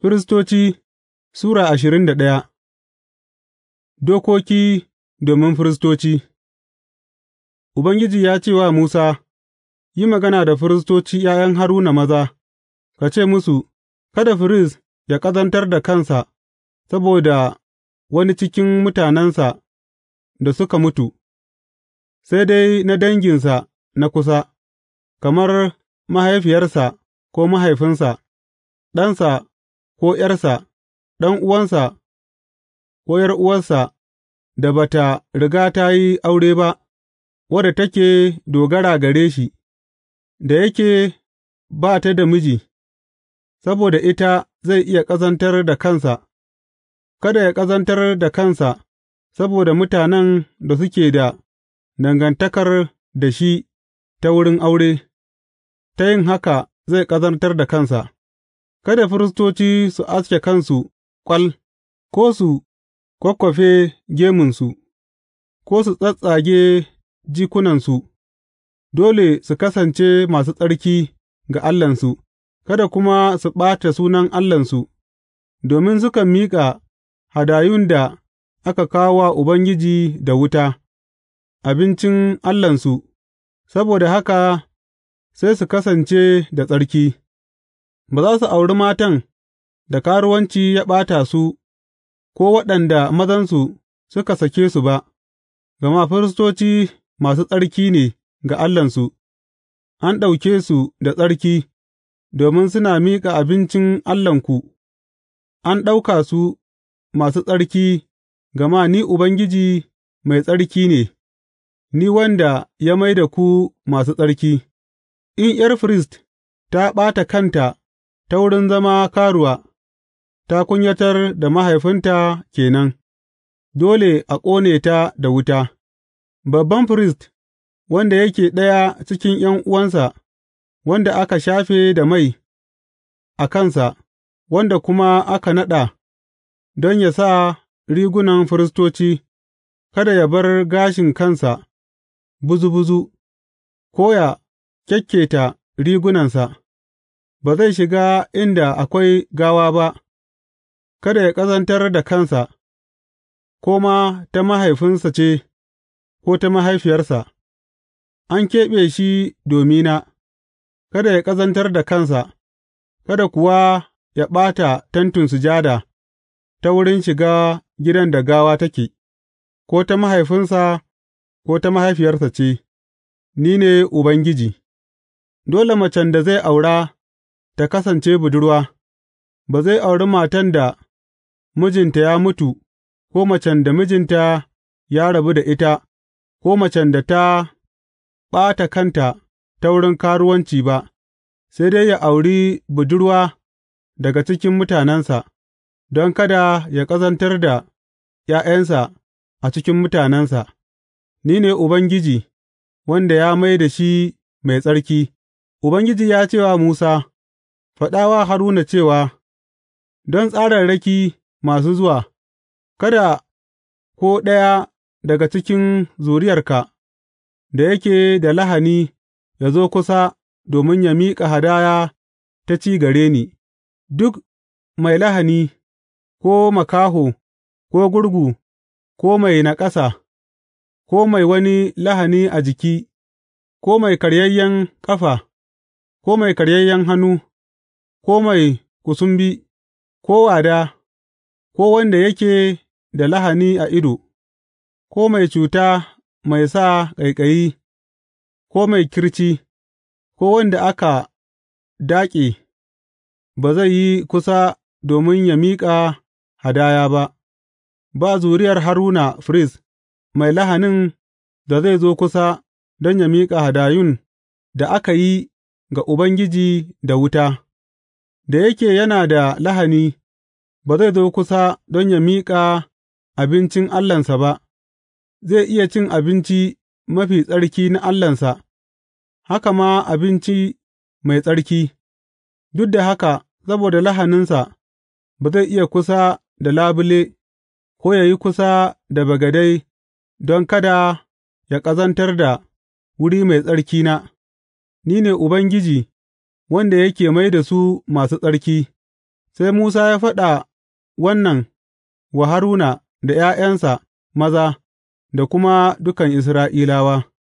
Firistoci Sura ashirin da ɗaya. Dokoki domin firistoci Ubangiji ya ce wa Musa, Yi magana da firistoci ’ya'yan Haruna maza, ka ce musu, Kada firist ya ƙazantar da kansa saboda wani cikin mutanensa da suka mutu, sai dai na danginsa na kusa, kamar mahaifiyarsa ko mahaifinsa, ɗansa ko ’yarsa, ɗan'uwansa ko ’yar'uwarsa da ba tă riga ta yi aure ba, wadda take dogara gare shi, da yake ba ta da miji, saboda ita zai iya ƙazantar da kansa, kada ya ƙazantar da kansa saboda mutanen da suke da dangantakar da shi ta wurin aure, ta yin haka zai ƙazantar da kansa. Kada firistoci su aske kansu ƙwal, ko su kwakkwafe gemunsu, ko su tsattsage jikunansu, dole su kasance masu tsarki ga Allahnsu, kada kuma su ɓata sunan Allahnsu, domin sukan miƙa hadayun da aka kawo wa Ubangiji da wuta, abincin Allahnsu, saboda haka sai su kasance da tsarki. ba za su auri matan da karuwanci ya ɓata su ko waɗanda mazansu suka sake su ba, gama firistoci masu tsarki ne ga Allahnsu, an ɗauke su da tsarki, domin suna miƙa abincin Allahnku, an ɗauka su masu tsarki, gama ni Ubangiji mai tsarki ne, ni wanda ya mai da ku masu tsarki. In ’yar firist ta ɓata kanta Ta wurin zama karuwa, ta kunyatar da mahaifinta ke nan, dole a ƙone ta da wuta, babban firist, wanda yake ɗaya cikin ’yan'uwansa, wanda aka shafe da mai a kansa, wanda kuma aka naɗa don yă sa rigunan firistoci, kada yă bar gashin kansa buzu buzu, ko yă kyakketa rigunansa. ba zai shiga inda akwai gawa ba, kada ya ƙazantar da kansa, ko ma ta mahaifinsa ce, ko ta mahaifiyarsa, an keɓe shi domina, kada ya ƙazantar da kansa, kada kuwa ya ɓata tentin sujada ta wurin shiga gidan da gawa take, ko ta mahaifinsa ko ta mahaifiyarsa ce, Ni ne Ubangiji, dole macen da zai aura. ta kasance budurwa, ba zai auri matan da mijinta ya mutu, ko macen da mijinta ya rabu da ita, ko macen da ta ɓata kanta ta wurin karuwanci ba, sai dai ya auri budurwa daga cikin mutanensa, don kada ya ƙazantar da ’ya'yansa a cikin mutanensa, ni ne Ubangiji, wanda ya mai da shi mai tsarki, Ubangiji ya ce wa Musa, Faɗa wa Haruna cewa, Don tsararraki masu zuwa, kada ko ɗaya daga cikin zuriyarka da yake da lahani ya zo kusa domin ya miƙa hadaya ta ci gare ni; duk mai lahani, ko makaho, ko gurgu, ko mai naƙasa, ko mai wani lahani a jiki, ko mai karyayyen ƙafa, ko mai karyayyen hannu. ko mai kusumbi, ko wada, ko wanda yake da lahani a ido, ko mai cuta mai sa ƙaiƙayi, ko mai kirci, ko wanda aka daƙe, ba zai yi kusa domin ya miƙa hadaya ba, ba zuriyar Haruna firist mai lahanin da zai zo kusa don ya miƙa hadayun da aka yi ga Ubangiji da wuta. Da yake yana da lahani, ba zai zo kusa don yă miƙa abincin Allahnsa ba, zai iya cin abinci mafi tsarki na Allahnsa, haka ma abinci mai tsarki, duk da haka saboda lahaninsa ba zai iya kusa da labule ko ya yi kusa da bagadai don kada ya ƙazantar da wuri mai tsarkina, ni ne Ubangiji. wanda yake mai da su masu tsarki, sai Musa ya faɗa wannan wa Haruna da ’ya'yansa maza da kuma dukan Isra'ilawa.